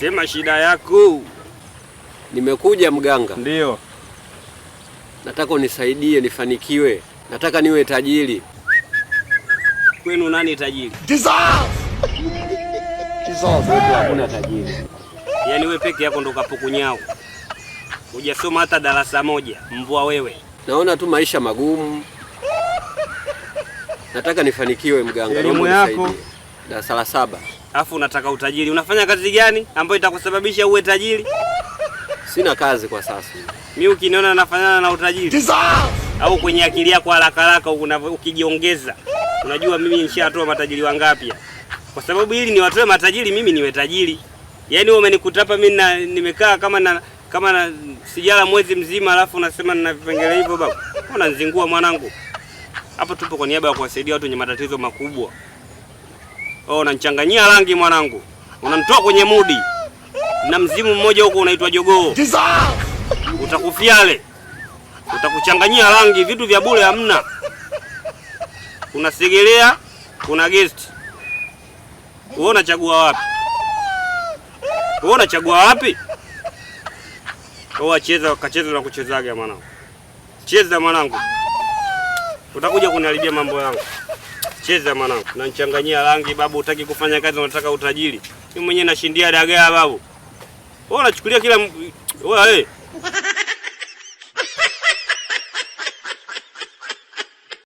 Sema shida yako. Nimekuja mganga. Ndio. Nataka unisaidie nifanikiwe. Nataka niwe tajiri. Kwenu nani tajiri? Hakuna tajiri. Yaani wewe peke yako ndo kapukunyao. Hujasoma hata darasa moja, mbwa wewe. Naona tu maisha magumu. Nataka nifanikiwe mganga. Elimu yako darasa la saba. Alafu unataka utajiri. Unafanya kazi gani ambayo itakusababisha uwe tajiri? Sina kazi kwa sasa. Mi ukiniona nafanana na utajiri au kwenye akili yako haraka haraka ukijiongeza, unajua mimi nishatoa matajiri wangapi? Kwa sababu ili niwatoe matajiri mimi niwe tajiri. Yaani wewe umenikuta hapa mimi na nimekaa kama na kama na sijala mwezi mzima, alafu unasema nina vipengele hivyo baba. Unanzingua mwanangu. Hapo tupo kwa niaba ya kuwasaidia watu wenye matatizo makubwa. Oh, unanichanganyia rangi mwanangu, unanitoa kwenye mudi. Na mzimu mmoja huko unaitwa jogoo, utakufyale, utakuchanganyia rangi, vitu vya bure hamna. Kuna segelea, kuna gesti. Wewe unachagua wapi? Wewe unachagua wapi? Wewe oh, kacheza na kuchezaga mwanangu, cheza mwanangu, utakuja kuniharibia mambo yangu. Cheza mwanangu, unanichanganyia rangi babu. Utaki kufanya kazi, unataka utajiri. Mimi mwenyewe nashindia dagaa babu. Wewe unachukulia kila wewe eh.